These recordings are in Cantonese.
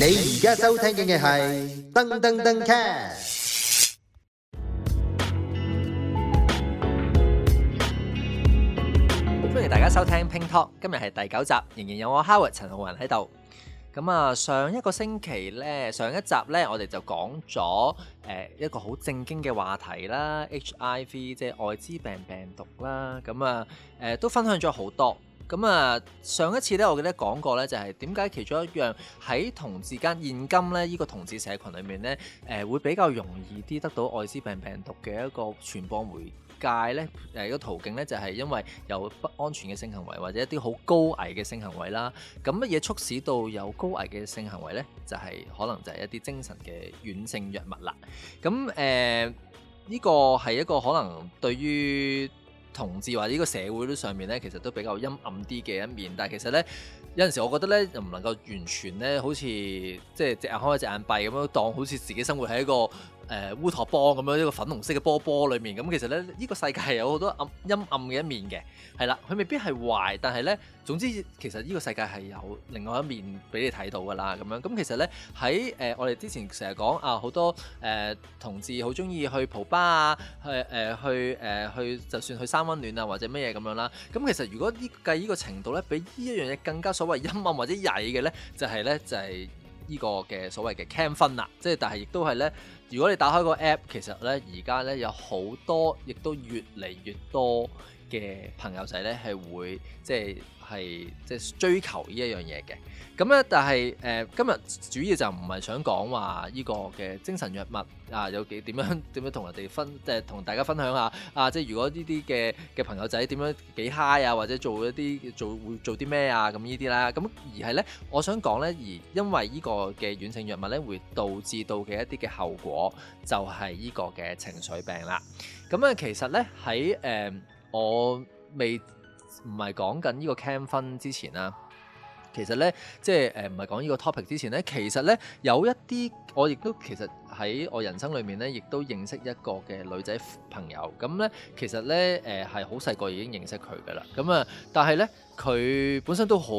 你而家收聽嘅係噔噔噔 cast，歡迎大家收聽 Ping Talk，今日係第九集，仍然有我 Howard 陳浩雲喺度。咁啊，上一個星期呢，上一集呢，我哋就講咗誒一個好正經嘅話題啦，HIV 即係艾滋病病毒啦。咁啊，誒都分享咗好多。咁啊，上一次咧，我記得講過咧，就係點解其中一樣喺同志間現今咧，呢個同志社群裏面咧，誒會比較容易啲得到艾滋病病毒嘅一個傳播媒介咧，誒、這、一個途徑咧，就係因為有不安全嘅性行為或者一啲好高危嘅性行為啦。咁乜嘢促使到有高危嘅性行為咧？就係、是、可能就係一啲精神嘅軟性藥物啦。咁誒呢個係一個可能對於。同志或者呢個社會都上面呢，其實都比較陰暗啲嘅一面。但係其實呢，有陣時我覺得呢，又唔能夠完全呢，好似即係隻眼開一隻眼閉咁樣，當好似自己生活喺一個誒、呃、烏托邦咁樣一個粉紅色嘅波波裏面，咁其實咧，呢、這個世界係有好多暗陰暗嘅一面嘅，係、嗯、啦，佢未必係壞，但係咧，總之其實呢個世界係有另外一面俾你睇到㗎啦，咁樣咁、嗯、其實咧喺誒我哋之前成日講啊好多誒、呃、同志好中意去蒲吧、啊，啊，去誒、呃、去誒、呃、去，就算去三溫暖啊或者乜嘢咁樣啦，咁、嗯、其實如果呢、這個、計呢個程度咧，比呢一樣嘢更加所謂陰暗或者曳嘅咧，就係、是、咧就係、是、呢個嘅所謂嘅 can 分啦，即係但係亦都係咧。如果你打開個 app，其實咧而家咧有好多，亦都越嚟越多嘅朋友仔咧係會即係係即係追求呢一樣嘢嘅。咁咧，但係誒、呃、今日主要就唔係想講話呢、呢個嘅精神藥物啊，有幾點樣點樣，樣同人哋分，即係同大家分享下啊，即係如果呢啲嘅嘅朋友仔點樣幾嗨啊，或者做一啲做會做啲咩啊咁呢啲啦。咁而係咧，我想講咧，而因為呢個嘅軟性藥物咧，會導致到嘅一啲嘅後果。我就係呢個嘅情緒病啦。咁、嗯、啊，其實呢，喺誒、呃、我未唔係講緊呢個 cam 分之前啦，其實呢，即係誒唔係講呢個 topic 之前呢，其實呢，有一啲我亦都其實喺我人生裏面呢，亦都認識一個嘅女仔朋友。咁、嗯、呢，其實呢，誒係好細個已經認識佢嘅啦。咁、嗯、啊，但係呢，佢本身都好。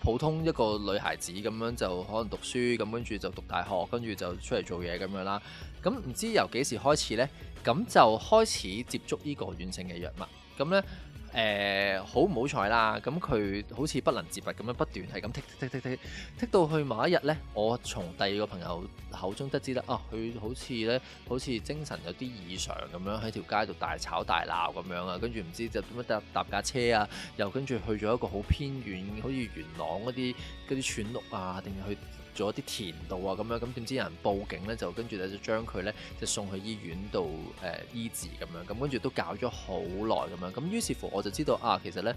普通一個女孩子咁樣就可能讀書，咁跟住就讀大學，跟住就出嚟做嘢咁樣啦。咁唔、嗯、知由幾時開始呢？咁、嗯、就開始接觸呢個軟性嘅藥物。咁、嗯、呢，誒、嗯嗯、好唔好彩啦？咁佢好似不能自拔咁樣不斷係咁剔剔剔剔剔到去某一日呢，我從第二個朋友口中得知啦，啊佢好似咧好似精神有啲異常咁樣喺條街度大吵大鬧咁樣啊，跟住唔知就點樣搭架車啊，又跟住去咗一個好偏遠，好似元朗嗰啲嗰啲村屋啊，定係去。做一啲田度啊，咁樣咁點知有人報警咧，就跟住咧就將佢咧就送去醫院度誒、呃、醫治咁樣，咁跟住都搞咗好耐咁樣，咁於是乎我就知道啊，其實咧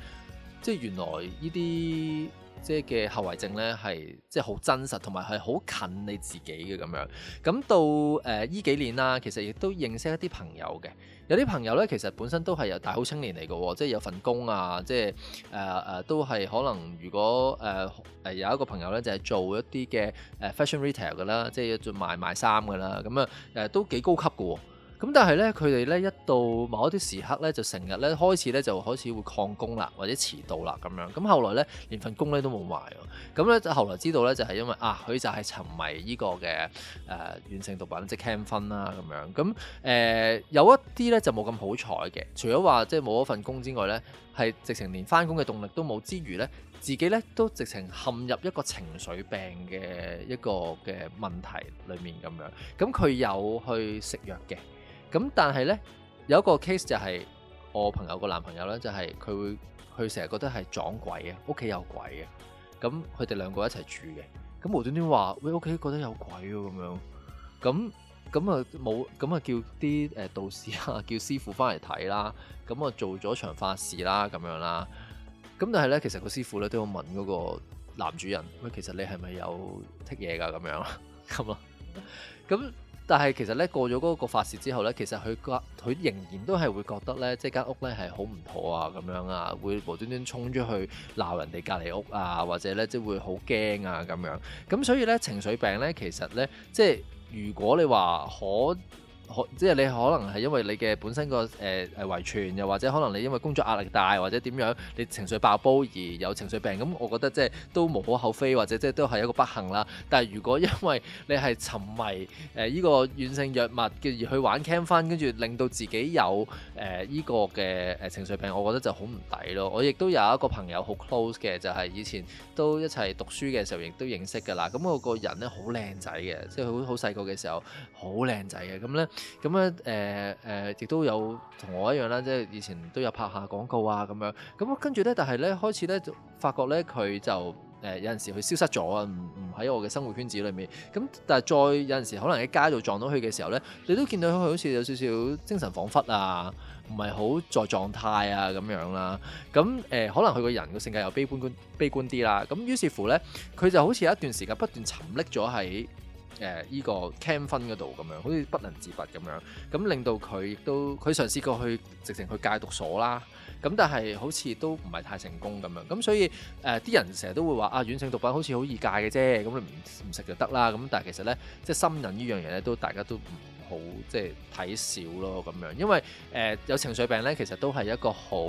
即係原來呢啲。即係嘅後遺症咧，係即係好真實，同埋係好近你自己嘅咁樣。咁到誒呢、呃、幾年啦，其實亦都認識一啲朋友嘅。有啲朋友咧，其實本身都係由大好青年嚟嘅，即係有份工啊，即係誒誒都係可能。如果誒誒、呃、有一個朋友咧，就係、是、做一啲嘅誒 fashion retail 嘅啦，即係做賣賣衫嘅啦，咁啊誒都幾高級嘅、啊。咁但係咧，佢哋咧一到某一啲時刻咧，就成日咧開始咧就開始會曠工啦，或者遲到啦咁樣。咁後來咧，連份工咧都冇埋。咁咧，後來知道咧就係因為啊，佢就係沉迷呢個嘅誒軟性毒品，即係 c a 分啦咁樣。咁誒、呃、有一啲咧就冇咁好彩嘅，除咗話即係冇咗份工之外咧，係直情連返工嘅動力都冇之餘咧，自己咧都直情陷入一個情緒病嘅一個嘅問題裡面咁樣。咁佢有去食藥嘅。咁但係咧，有一個 case 就係我朋友個男朋友咧，就係、是、佢會佢成日覺得係撞鬼嘅，屋企有鬼嘅。咁佢哋兩個一齊住嘅，咁無端端話喂，屋企覺得有鬼喎咁樣，咁咁啊冇，咁啊叫啲誒道士啊，叫師傅翻嚟睇啦，咁啊做咗場法事啦，咁樣啦。咁但係咧，其實個師傅咧都要問嗰個男主人喂，其實你係咪有剔嘢噶咁樣啊？咁咯，咁。但係其實咧，過咗嗰個法事之後咧，其實佢覺佢仍然都係會覺得咧，即係間屋咧係好唔妥啊咁樣啊，會無端端衝出去鬧人哋隔離屋啊，或者咧即係會好驚啊咁樣。咁所以咧情緒病咧，其實咧即係如果你話可。即係你可能係因為你嘅本身個誒誒遺傳，又、呃呃呃呃、或者可能你因為工作壓力大，或者點樣你情緒爆煲而有情緒病，咁、嗯、我覺得即係都無可厚非，或者即係都係一個不幸啦。但係如果因為你係沉迷誒依、呃這個軟性藥物嘅而去玩 cam fun，跟住令到自己有誒依、呃這個嘅誒情緒病，我覺得就好唔抵咯。我亦都有一個朋友好 close 嘅，就係、是、以前都一齊讀書嘅時候亦都認識噶啦。咁、嗯、我個人咧好靚仔嘅，即係好好細個嘅時候好靚仔嘅，咁咧。咁咧，誒誒，亦、呃呃、都有同我一樣啦，即係以前都有拍下廣告啊咁樣。咁跟住咧，但係咧開始咧就發覺咧佢就誒、呃、有陣時佢消失咗啊，唔唔喺我嘅生活圈子裏面。咁但係再有陣時可能喺街度撞到佢嘅時候咧，你都見到佢好似有少少精神恍惚啊，唔係好在狀態啊咁樣啦。咁誒、呃、可能佢個人嘅性格又悲觀觀悲觀啲啦。咁於是乎咧，佢就好似有一段時間不斷沉溺咗喺誒依、呃這個 can 分嗰度咁樣，好似不能自拔咁樣，咁令到佢亦都佢嘗試過去直情去戒毒所啦，咁但係好似都唔係太成功咁樣，咁所以誒啲、呃、人成日都會話啊，軟性毒品好似好易戒嘅啫，咁你唔唔食就得啦，咁但係其實呢，即係心癮呢樣嘢呢，都大家都唔好即係睇少咯咁樣，因為誒、呃、有情緒病呢，其實都係一個好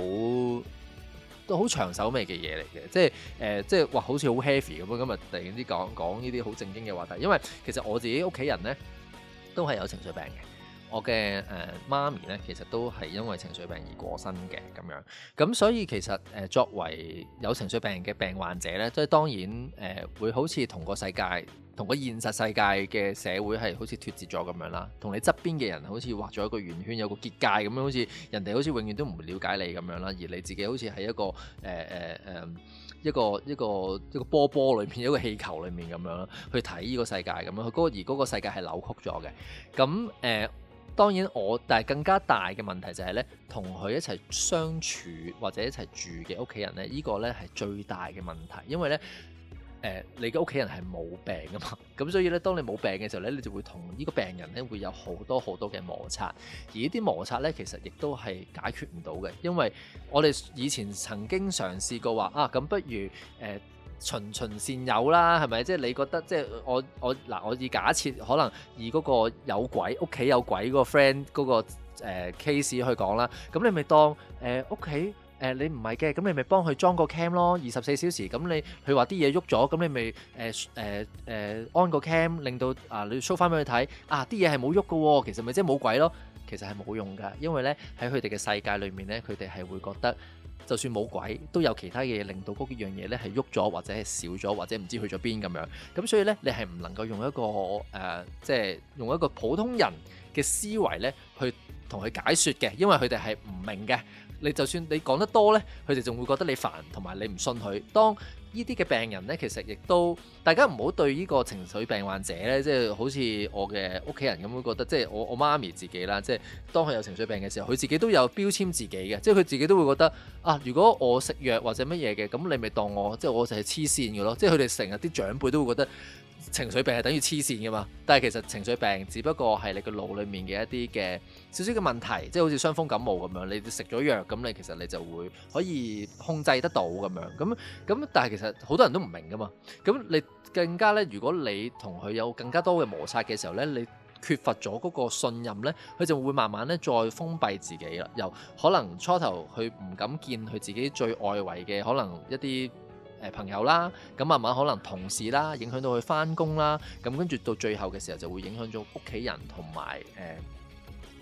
好長手尾嘅嘢嚟嘅，即係誒、呃，即係哇，好似好 heavy 咁樣！今日，突然之間講講呢啲好正經嘅話題，因為其實我自己屋企人咧都係有情緒病嘅。我嘅誒、呃、媽咪呢，其實都係因為情緒病而過身嘅咁樣，咁所以其實誒、呃、作為有情緒病嘅病患者呢，即係當然誒、呃、會好似同個世界、同個現實世界嘅社會係好似脱節咗咁樣啦，同你側邊嘅人好似畫咗一個圓圈，有個結界咁樣，好似人哋好似永遠都唔會了解你咁樣啦，而你自己好似喺一個誒誒誒一個一個一個波波裏面一個氣球裏面咁樣去睇呢個世界咁樣，嗰個而嗰個世界係扭曲咗嘅，咁誒。呃當然我，我但係更加大嘅問題就係咧，同佢一齊相處或者一齊住嘅屋企人咧，這個、呢個咧係最大嘅問題，因為咧，誒、呃，你嘅屋企人係冇病噶嘛，咁所以咧，當你冇病嘅時候咧，你就會同呢個病人咧會有好多好多嘅摩擦，而擦呢啲摩擦咧其實亦都係解決唔到嘅，因為我哋以前曾經嘗試過話啊，咁不如誒。呃循循善誘啦，係咪？即係你覺得，即係我我嗱，我以假設可能以嗰個有鬼屋企有鬼、嗰個 friend 嗰個誒 case 去講啦。咁你咪當誒屋企誒你唔係嘅，咁你咪幫佢裝個 cam 咯，二十四小時。咁你佢話啲嘢喐咗，咁你咪誒誒誒安個 cam，令到、呃、你啊你 show 翻俾佢睇啊啲嘢係冇喐嘅喎，其實咪即係冇鬼咯。其實係冇用㗎，因為咧喺佢哋嘅世界裏面咧，佢哋係會覺得就算冇鬼，都有其他嘢令到嗰樣嘢咧係喐咗，或者係少咗，或者唔知去咗邊咁樣。咁所以咧，你係唔能夠用一個誒、呃，即係用一個普通人嘅思維咧，去同佢解說嘅，因為佢哋係唔明嘅。你就算你講得多呢，佢哋仲會覺得你煩，同埋你唔信佢。當呢啲嘅病人呢，其實亦都大家唔好對呢個情緒病患者呢，即係好似我嘅屋企人咁樣會覺得，即係我我媽咪自己啦，即係當佢有情緒病嘅時候，佢自己都有標籤自己嘅，即係佢自己都會覺得啊，如果我食藥或者乜嘢嘅，咁你咪當我即係我就係黐線嘅咯，即係佢哋成日啲長輩都會覺得。情緒病係等於黐線㗎嘛，但係其實情緒病只不過係你個腦裡面嘅一啲嘅少少嘅問題，即係好似傷風感冒咁樣，你食咗藥咁，你其實你就會可以控制得到咁樣，咁咁但係其實好多人都唔明㗎嘛，咁你更加咧，如果你同佢有更加多嘅摩擦嘅時候咧，你缺乏咗嗰個信任咧，佢就會慢慢咧再封閉自己啦，又可能初頭佢唔敢見佢自己最外圍嘅可能一啲。誒朋友啦，咁慢慢可能同事啦，影響到佢翻工啦，咁跟住到最後嘅時候就會影響咗屋企人同埋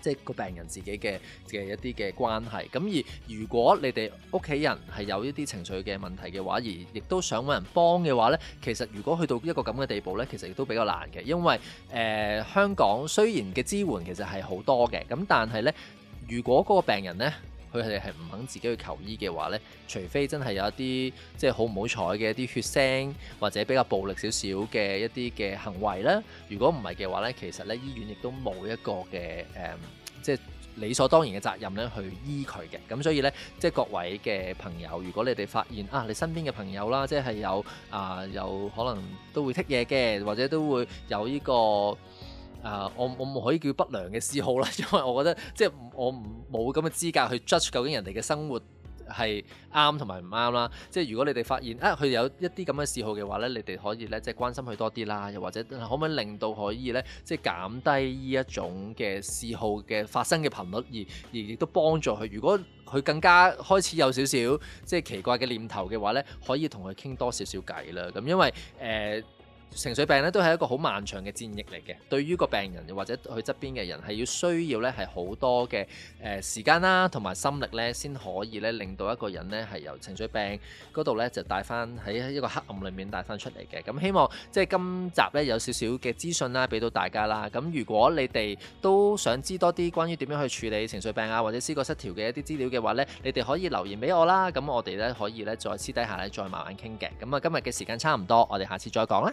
誒，即係個病人自己嘅嘅一啲嘅關係。咁而如果你哋屋企人係有一啲情緒嘅問題嘅話，而亦都想揾人幫嘅話呢，其實如果去到一個咁嘅地步呢，其實亦都比較難嘅，因為誒、呃、香港雖然嘅支援其實係好多嘅，咁但係呢，如果嗰個病人呢。佢哋係唔肯自己去求醫嘅話呢，除非真係有一啲即係好唔好彩嘅一啲血腥，或者比較暴力少少嘅一啲嘅行為咧。如果唔係嘅話呢，其實呢醫院亦都冇一個嘅誒，即、嗯、係、就是、理所當然嘅責任咧去醫佢嘅。咁所以呢，即係各位嘅朋友，如果你哋發現啊，你身邊嘅朋友啦，即係有啊、呃、有可能都會剔嘢嘅，或者都會有呢、這個。啊、uh，我我唔可以叫不良嘅嗜好啦，因為我覺得即係我唔冇咁嘅資格去 judge 究竟人哋嘅生活係啱同埋唔啱啦。即係如果你哋發現啊，佢有一啲咁嘅嗜好嘅話咧，你哋可以咧即係關心佢多啲啦，又或者可唔可以令到可以咧即係減低呢一種嘅嗜好嘅發生嘅頻率，而而亦都幫助佢。如果佢更加開始有少少即係奇怪嘅念頭嘅話咧，可以同佢傾多少少偈啦。咁因為誒。呃情緒病咧都係一個好漫長嘅戰役嚟嘅，對於個病人又或者去側邊嘅人係要需要咧係好多嘅誒、呃、時間啦，同埋心力咧先可以咧令到一個人咧係由情緒病嗰度咧就帶翻喺一個黑暗裏面帶翻出嚟嘅。咁、嗯、希望即係今集咧有少少嘅資訊啦，俾到大家啦。咁如果你哋都想知多啲關於點樣去處理情緒病啊，或者思覺失調嘅一啲資料嘅話咧，你哋可以留言俾我啦。咁我哋咧可以咧再私底下咧再慢慢傾嘅。咁、嗯、啊，今日嘅時間差唔多，我哋下次再講啦。